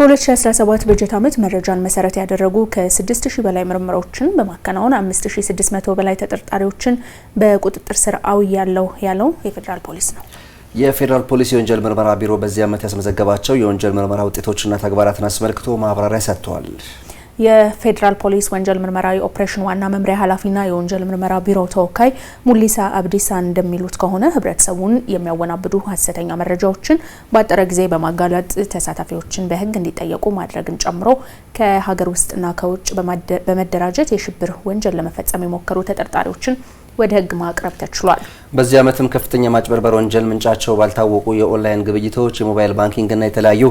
በ2017 በጀት ዓመት መረጃን መሰረት ያደረጉ ከ6000 በላይ ምርምሮችን በማከናወን 5600 በላይ ተጠርጣሪዎችን በቁጥጥር ስር አውያለሁ ያለው የፌዴራል ፖሊስ ነው። የፌዴራል ፖሊስ የወንጀል ምርመራ ቢሮ በዚህ ዓመት ያስመዘገባቸው የወንጀል ምርመራ ውጤቶችና ተግባራትን አስመልክቶ ማብራሪያ ሰጥተዋል። የፌዴራል ፖሊስ ወንጀል ምርመራ የኦፕሬሽን ዋና መምሪያ ኃላፊና የወንጀል ምርመራ ቢሮ ተወካይ ሙሊሳ አብዲሳ እንደሚሉት ከሆነ ህብረተሰቡን የሚያወናብዱ ሀሰተኛ መረጃዎችን በአጠረ ጊዜ በማጋለጥ ተሳታፊዎችን በህግ እንዲጠየቁ ማድረግን ጨምሮ ከሀገር ውስጥና ከውጭ በመደራጀት የሽብር ወንጀል ለመፈጸም የሞከሩ ተጠርጣሪዎችን ወደ ህግ ማቅረብ ተችሏል። በዚህ ዓመትም ከፍተኛ ማጭበርበር ወንጀል ምንጫቸው ባልታወቁ የኦንላይን ግብይቶች፣ የሞባይል ባንኪንግ እና የተለያዩ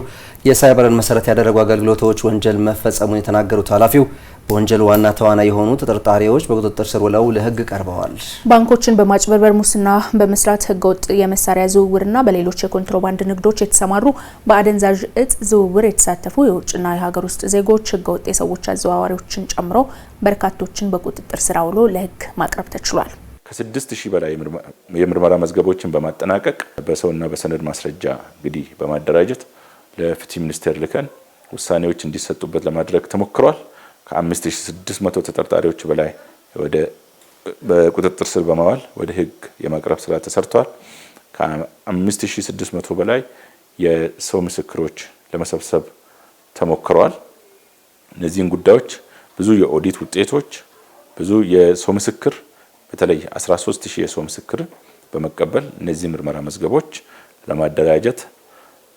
የሳይበርን መሰረት ያደረጉ አገልግሎቶች ወንጀል መፈጸሙን የተናገሩት ኃላፊው በወንጀል ዋና ተዋና የሆኑ ተጠርጣሪዎች በቁጥጥር ስር ውለው ለህግ ቀርበዋል። ባንኮችን በማጭበርበር ሙስና በመስራት ህገወጥ የመሳሪያ ዝውውርና በሌሎች የኮንትሮባንድ ንግዶች የተሰማሩ በአደንዛዥ እጽ ዝውውር የተሳተፉ የውጭና የሀገር ውስጥ ዜጎች ህገወጥ የሰዎች አዘዋዋሪዎችን ጨምሮ በርካቶችን በቁጥጥር ስር አውሎ ለህግ ማቅረብ ተችሏል። ከስድስት ሺህ በላይ የምርመራ መዝገቦችን በማጠናቀቅ በሰውና በሰነድ ማስረጃ እንግዲህ በማደራጀት ለፍትህ ሚኒስቴር ልከን ውሳኔዎች እንዲሰጡበት ለማድረግ ተሞክሯል። ከ5600 ተጠርጣሪዎች በላይ ወደ በቁጥጥር ስር በማዋል ወደ ህግ የማቅረብ ስራ ተሰርቷል። ከ5600 በላይ የሰው ምስክሮች ለመሰብሰብ ተሞክረዋል። እነዚህን ጉዳዮች ብዙ የኦዲት ውጤቶች፣ ብዙ የሰው ምስክር በተለይ 13 ሺህ የሰው ምስክር በመቀበል እነዚህ ምርመራ መዝገቦች ለማደራጀት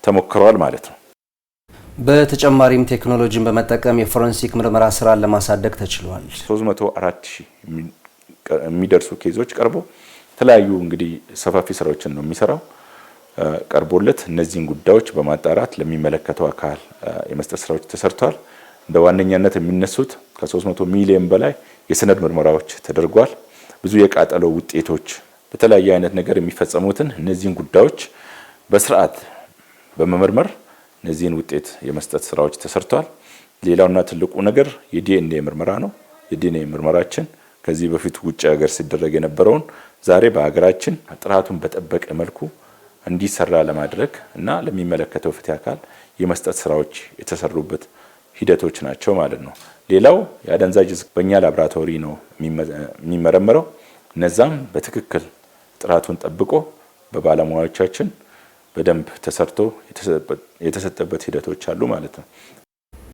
ተሞክረዋል ማለት ነው። በተጨማሪም ቴክኖሎጂን በመጠቀም የፎረንሲክ ምርመራ ስራን ለማሳደግ ተችሏል። 304 ሺህ የሚደርሱ ኬዞች ቀርቦ የተለያዩ እንግዲህ ሰፋፊ ስራዎችን ነው የሚሰራው ቀርቦለት እነዚህን ጉዳዮች በማጣራት ለሚመለከተው አካል የመስጠት ስራዎች ተሰርተዋል። እንደ ዋነኛነት የሚነሱት ከ300 ሚሊዮን በላይ የሰነድ ምርመራዎች ተደርጓል። ብዙ የቃጠሎ ውጤቶች በተለያየ አይነት ነገር የሚፈጸሙትን እነዚህን ጉዳዮች በስርዓት በመመርመር እነዚህን ውጤት የመስጠት ስራዎች ተሰርተዋል። ሌላውና ትልቁ ነገር የዲኤንኤ ምርመራ ነው። የዲኤንኤ ምርመራችን ከዚህ በፊት ውጭ ሀገር ሲደረግ የነበረውን ዛሬ በሀገራችን ጥራቱን በጠበቀ መልኩ እንዲሰራ ለማድረግ እና ለሚመለከተው ፍትህ አካል የመስጠት ስራዎች የተሰሩበት ሂደቶች ናቸው ማለት ነው። ሌላው የአደንዛዥ እጽ በእኛ ላብራቶሪ ነው የሚመረመረው። እነዛም በትክክል ጥራቱን ጠብቆ በባለሙያዎቻችን በደንብ ተሰርቶ የተሰጠበት ሂደቶች አሉ ማለት ነው።